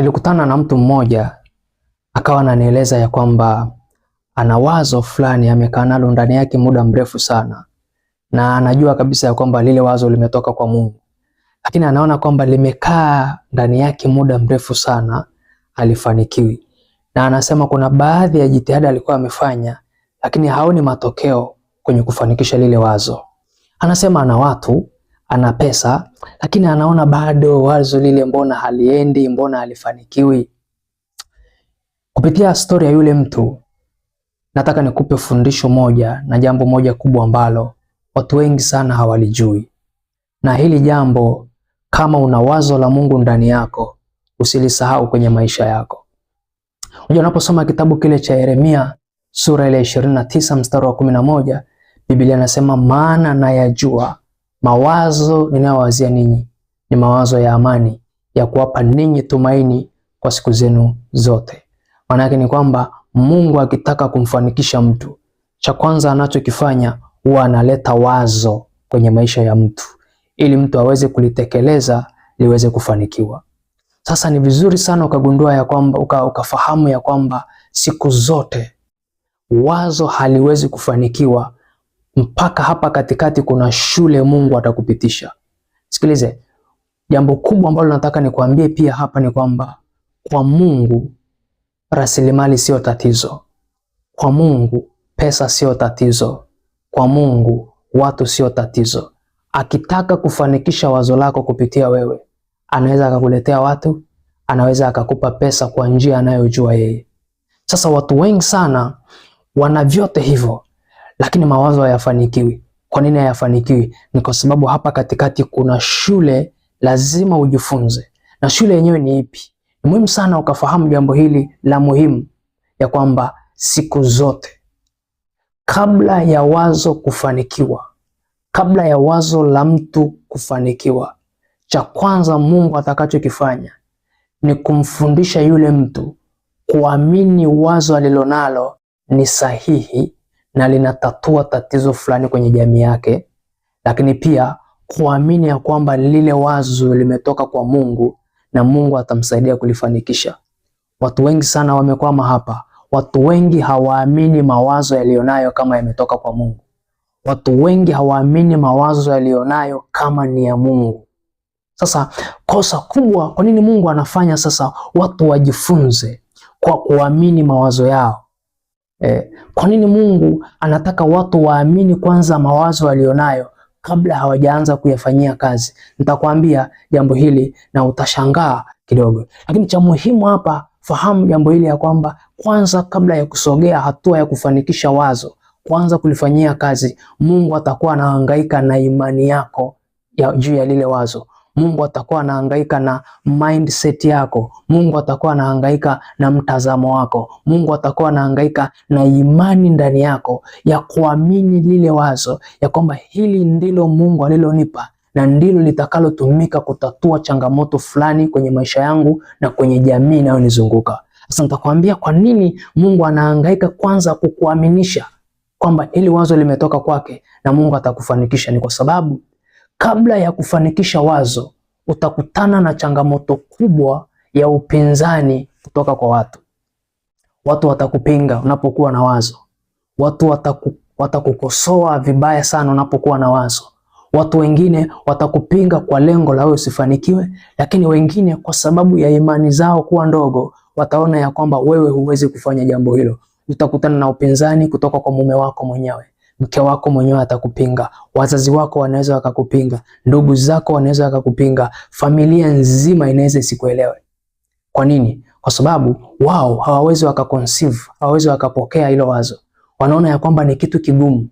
nilikutana na mtu mmoja akawa ananieleza ya kwamba ana wazo fulani amekaa nalo ndani yake muda mrefu sana, na anajua kabisa ya kwamba lile wazo limetoka kwa Mungu, lakini anaona kwamba limekaa ndani yake muda mrefu sana, alifanikiwi na anasema kuna baadhi ya jitihada alikuwa amefanya, lakini haoni matokeo kwenye kufanikisha lile wazo. Anasema ana watu ana pesa lakini anaona bado wazo lile, mbona haliendi, mbona halifanikiwi. Kupitia stori ya yule mtu, nataka nikupe fundisho moja na jambo moja kubwa ambalo watu wengi sana hawalijui, na hili jambo, kama una wazo la Mungu ndani yako, usilisahau kwenye maisha yako. Unajua, unaposoma kitabu kile cha Yeremia sura ile 29 mstari wa 11, Biblia inasema maana nayajua mawazo ninayowazia ninyi ni mawazo ya amani, ya kuwapa ninyi tumaini kwa siku zenu zote. Maana yake ni kwamba Mungu akitaka kumfanikisha mtu, cha kwanza anachokifanya huwa analeta wazo kwenye maisha ya mtu ili mtu aweze kulitekeleza liweze kufanikiwa. Sasa ni vizuri sana ukagundua ya kwamba uka, ukafahamu ya kwamba siku zote wazo haliwezi kufanikiwa mpaka hapa katikati kuna shule Mungu atakupitisha. Sikilize, jambo kubwa ambalo nataka nikuambie pia hapa ni kwamba kwa Mungu rasilimali siyo tatizo. Kwa Mungu pesa siyo tatizo. Kwa Mungu watu siyo tatizo. Akitaka kufanikisha wazo lako kupitia wewe, anaweza akakuletea watu, anaweza akakupa pesa kwa njia anayojua yeye. Sasa watu wengi sana wana vyote hivyo lakini mawazo hayafanikiwi. Kwa nini hayafanikiwi? Ni kwa sababu hapa katikati kuna shule lazima ujifunze, na shule yenyewe ni ipi? Ni muhimu sana ukafahamu jambo hili la muhimu, ya kwamba siku zote kabla ya wazo kufanikiwa, kabla ya wazo la mtu kufanikiwa, cha kwanza Mungu atakachokifanya ni kumfundisha yule mtu kuamini wazo alilonalo ni sahihi na linatatua tatizo fulani kwenye jamii yake, lakini pia kuamini ya kwamba lile wazo limetoka kwa Mungu na Mungu atamsaidia kulifanikisha. Watu wengi sana wamekwama hapa. Watu wengi hawaamini mawazo yaliyonayo kama yametoka kwa Mungu. Watu wengi hawaamini mawazo yaliyonayo kama ni ya Mungu. Sasa kosa kubwa, kwa nini Mungu anafanya sasa watu wajifunze kwa kuamini mawazo yao? Eh, kwa nini Mungu anataka watu waamini kwanza mawazo walionayo kabla hawajaanza kuyafanyia kazi? Nitakwambia jambo hili na utashangaa kidogo, lakini cha muhimu hapa, fahamu jambo hili ya kwamba kwanza, kabla ya kusogea hatua ya kufanikisha wazo, kwanza kulifanyia kazi. Mungu atakuwa anahangaika na imani yako ya juu ya lile wazo. Mungu atakuwa anahangaika na mindset yako. Mungu atakuwa anahangaika na mtazamo wako. Mungu atakuwa anahangaika na imani ndani yako ya kuamini lile wazo ya kwamba hili ndilo Mungu alilonipa na ndilo litakalotumika kutatua changamoto fulani kwenye maisha yangu na kwenye jamii inayonizunguka. Sasa nitakwambia kwa nini Mungu anahangaika kwanza kukuaminisha kwamba hili wazo limetoka kwake na Mungu atakufanikisha. Ni kwa sababu Kabla ya kufanikisha wazo, utakutana na changamoto kubwa ya upinzani kutoka kwa watu. Watu watakupinga unapokuwa na wazo, watu wataku, watakukosoa vibaya sana unapokuwa na wazo. Watu wengine watakupinga kwa lengo la wewe usifanikiwe, lakini wengine kwa sababu ya imani zao kuwa ndogo wataona ya kwamba wewe huwezi kufanya jambo hilo. Utakutana na upinzani kutoka kwa mume wako mwenyewe, mke wako mwenyewe atakupinga, wazazi wako wanaweza wakakupinga, ndugu zako wanaweza wakakupinga, familia nzima inaweza isikuelewe. Kwa nini? Kwa sababu wao hawawezi wakaconceive, hawawezi wakapokea hilo wazo. Wanaona ya kwamba ni kitu kigumu,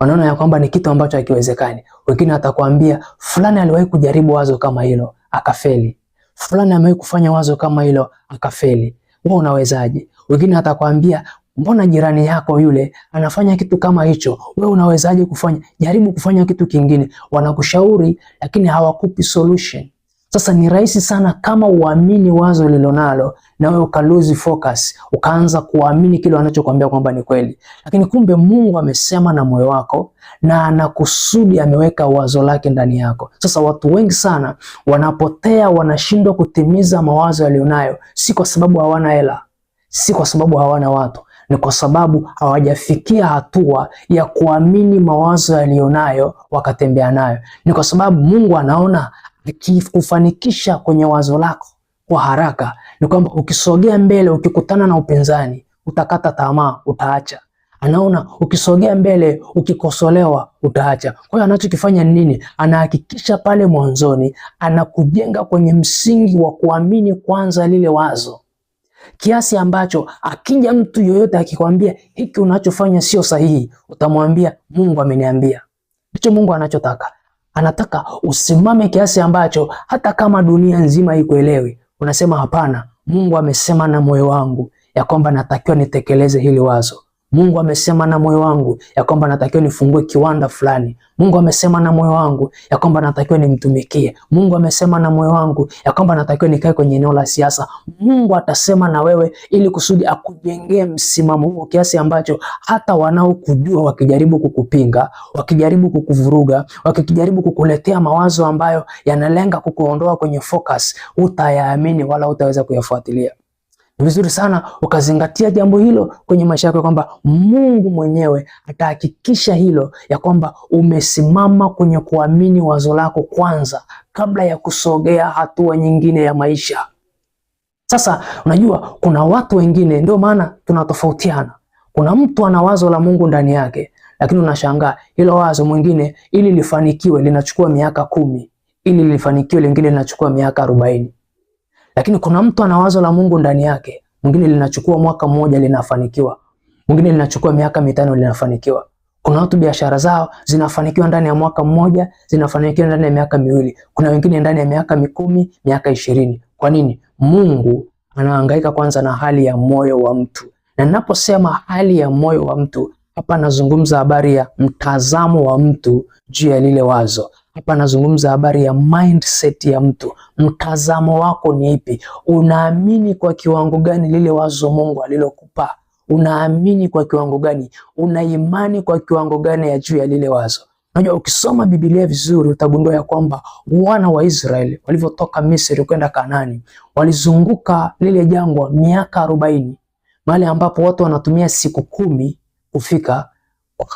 wanaona ya kwamba ni kitu ambacho hakiwezekani. Wengine atakwambia fulani aliwahi kujaribu wazo kama hilo akafeli, fulani amewahi kufanya wazo kama hilo akafeli, wewe unawezaje? Wengine atakwambia Mbona jirani yako yule anafanya kitu kama hicho, wewe unawezaje kufanya? Jaribu kufanya kitu kingine. Wanakushauri lakini hawakupi solution. Sasa ni rahisi sana kama uamini wazo lilonalo na wewe ukaluzi focus, ukaanza kuamini kile wanachokwambia kwamba ni kweli, lakini kumbe Mungu amesema na moyo wako na anakusudi ameweka wazo lake ndani yako. Sasa watu wengi sana wanapotea, wanashindwa kutimiza mawazo yalionayo, si kwa sababu hawana hela, si kwa sababu hawana watu ni kwa sababu hawajafikia hatua ya kuamini mawazo yaliyonayo wakatembea nayo. Ni kwa sababu Mungu anaona akikufanikisha kwenye wazo lako kwa haraka, ni kwamba ukisogea mbele, ukikutana na upinzani, utakata tamaa, utaacha anaona ukisogea mbele, ukikosolewa utaacha. Kwa hiyo anachokifanya ni nini? Anahakikisha pale mwanzoni anakujenga kwenye msingi wa kuamini kwanza lile wazo, kiasi ambacho akija mtu yoyote akikwambia hiki unachofanya sio sahihi, utamwambia Mungu ameniambia. Ndicho Mungu anachotaka. Anataka usimame kiasi ambacho hata kama dunia nzima ikuelewi, unasema hapana, Mungu amesema na moyo wangu ya kwamba natakiwa nitekeleze hili wazo. Mungu amesema na moyo wangu ya kwamba natakiwa nifungue kiwanda fulani. Mungu amesema na moyo wangu ya kwamba natakiwa nimtumikie. Mungu amesema na moyo wangu ya kwamba natakiwa nikae kwenye eneo la siasa. Mungu atasema na wewe ili kusudi akujengee msimamo huo kiasi ambacho hata wanaokujua wakijaribu kukupinga, wakijaribu kukuvuruga, wakijaribu kukuletea mawazo ambayo yanalenga kukuondoa kwenye focus, utayaamini wala utaweza kuyafuatilia. Ni vizuri sana ukazingatia jambo hilo kwenye maisha yako, kwamba Mungu mwenyewe atahakikisha hilo, ya kwamba umesimama kwenye kuamini wazo lako kwanza, kabla ya kusogea hatua nyingine ya maisha. Sasa unajua, kuna watu wengine, ndio maana tunatofautiana. Kuna mtu ana wazo la Mungu ndani yake, lakini unashangaa hilo wazo mwingine, ili lifanikiwe linachukua miaka kumi, ili lifanikiwe lingine linachukua miaka arobaini. Lakini kuna mtu ana wazo la Mungu ndani yake, mwingine linachukua mwaka mmoja linafanikiwa, mwingine linachukua miaka mitano linafanikiwa. Kuna watu biashara zao zinafanikiwa ndani ya mwaka mmoja, zinafanikiwa ndani ya miaka miwili, kuna wengine ndani ya miaka mikumi, miaka ishirini. Kwa nini? Mungu anahangaika kwanza na hali ya moyo wa mtu, na ninaposema hali ya moyo wa mtu hapa nazungumza habari ya mtazamo wa mtu juu ya lile wazo, hapa nazungumza habari ya mindset ya mtu. Mtazamo wako ni ipi? Unaamini kwa kiwango gani lile wazo Mungu alilokupa? Unaamini kwa kiwango gani? Una imani kwa kiwango gani ya juu ya lile wazo? Unajua, ukisoma Biblia vizuri utagundua ya kwamba wana wa Israeli walivyotoka Misri kwenda Kanani walizunguka lile jangwa miaka arobaini, mahali ambapo watu wanatumia siku kumi kufika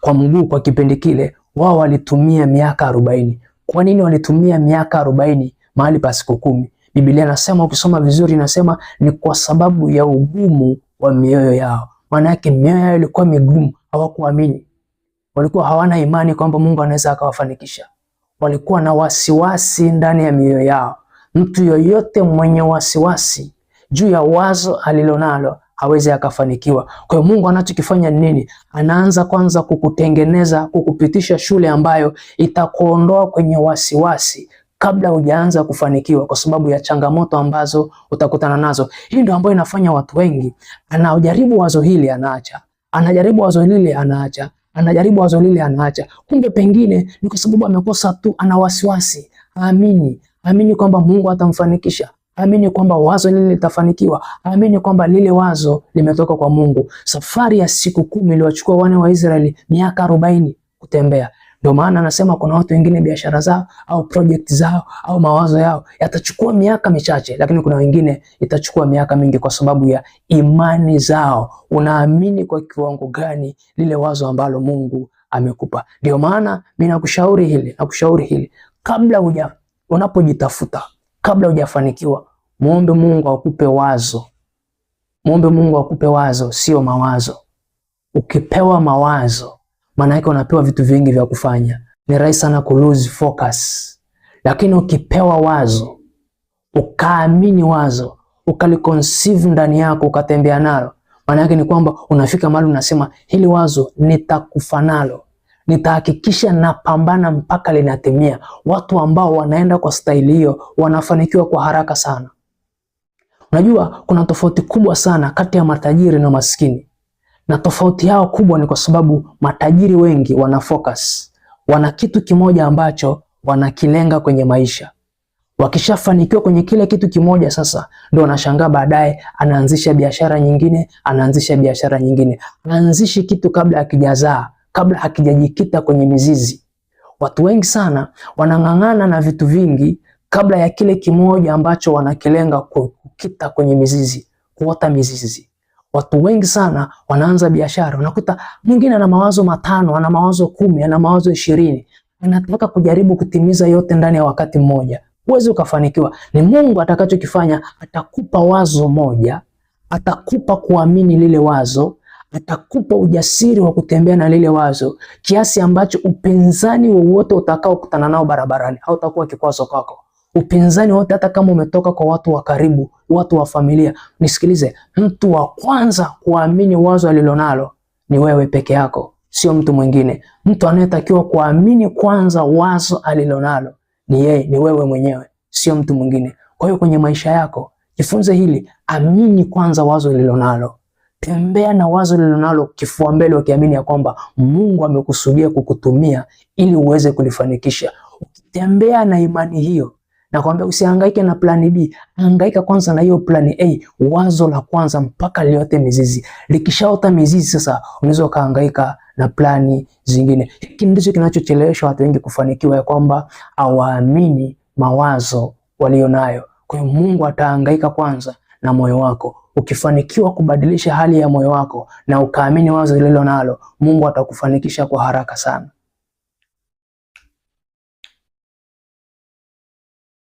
kwa mguu kwa kipindi kile, wao walitumia miaka arobaini. Kwa nini walitumia miaka arobaini mahali pa siku kumi? Biblia inasema ukisoma vizuri, inasema ni kwa sababu ya ugumu wa mioyo yao. Maana yake mioyo yao ilikuwa migumu, hawakuamini, walikuwa hawana imani kwamba Mungu anaweza akawafanikisha. Walikuwa na wasiwasi ndani ya mioyo yao. Mtu yoyote mwenye wasiwasi juu ya wazo alilonalo aweze akafanikiwa. Kwa hiyo Mungu anachokifanya ni nini? Anaanza kwanza kukutengeneza, kukupitisha shule ambayo itakuondoa kwenye wasiwasi kabla hujaanza kufanikiwa kwa sababu ya changamoto ambazo utakutana nazo. Hii ndio ambayo inafanya watu wengi, anajaribu wazo hili anaacha, anajaribu wazo lile anaacha, anajaribu wazo lile anaacha. Kumbe pengine ni kwa sababu amekosa tu, ana wasiwasi, haamini amini kwamba Mungu atamfanikisha, Amini kwamba wazo lile litafanikiwa. Amini kwamba lile wazo limetoka kwa Mungu. Safari ya siku kumi iliwachukua wana wa Israeli miaka arobaini kutembea. Ndio maana anasema kuna watu wengine biashara zao au project zao au mawazo yao yatachukua miaka michache, lakini kuna wengine itachukua miaka mingi kwa sababu ya imani zao. Unaamini kwa kiwango gani lile wazo ambalo Mungu amekupa? Ndio maana mimi nakushauri hili, nakushauri hili kabla uja unapojitafuta, kabla hujafanikiwa Muombe Mungu akupe wazo, muombe Mungu akupe wazo, sio mawazo. Ukipewa mawazo, maana yake unapewa vitu vingi vya kufanya, ni rahisi sana ku lose focus. Lakini ukipewa wazo, ukaamini wazo, ukaliconceive ndani yako, ukatembea nalo, maana yake ni kwamba unafika mahali unasema, hili wazo nitakufa nalo nitahakikisha napambana mpaka linatimia. Watu ambao wanaenda kwa staili hiyo wanafanikiwa kwa haraka sana. Unajua kuna tofauti kubwa sana kati ya matajiri na maskini, na tofauti yao kubwa ni kwa sababu matajiri wengi wana focus, wana kitu kimoja ambacho wanakilenga kwenye maisha. Wakishafanikiwa kwenye kile kitu kimoja, sasa ndio wanashangaa baadaye, anaanzisha biashara nyingine, anaanzisha biashara nyingine, anaanzishi kitu kabla hakijazaa, kabla hakijajikita kwenye mizizi. Watu wengi sana wanang'ang'ana na vitu vingi kabla ya kile kimoja ambacho wanakilenga kujikita kwenye mizizi, kuota mizizi. Watu wengi sana wanaanza biashara, unakuta mwingine ana mawazo matano, ana mawazo kumi, ana mawazo ishirini, anataka kujaribu kutimiza yote ndani ya wakati mmoja. Huwezi ukafanikiwa. Ni Mungu atakachokifanya, atakupa wazo moja, atakupa kuamini lile wazo, atakupa ujasiri wa kutembea na lile wazo, kiasi ambacho upinzani wowote kutana nao barabarani hautakuwa kikwazo kwako upinzani wote, hata kama umetoka kwa watu wa karibu, watu wa familia, nisikilize, mtu wa kwanza kuamini wazo alilonalo ni wewe peke yako, sio mtu mwingine. Mtu anayetakiwa kuamini kwanza wazo alilonalo ni yeye, ni wewe mwenyewe, sio mtu mwingine. Kwa hiyo kwenye maisha yako jifunze hili, amini kwanza wazo lilonalo. Tembea na wazo lilonalo kifua mbele, ukiamini ya kwamba Mungu amekusudia kukutumia ili uweze kulifanikisha. Ukitembea na imani hiyo, Nakwambia usihangaike na plani B, hangaika kwanza na hiyo plani A, wazo la kwanza mpaka liote mizizi. Likishaota mizizi sasa unaweza ukahangaika na plani zingine. Hiki ndicho kinachochelewesha watu wengi kufanikiwa, ya kwamba hawaamini mawazo walionayo. Kwa hiyo Mungu atahangaika kwanza na moyo wako. Ukifanikiwa kubadilisha hali ya moyo wako na ukaamini wazo lililo nalo, Mungu atakufanikisha kwa haraka sana.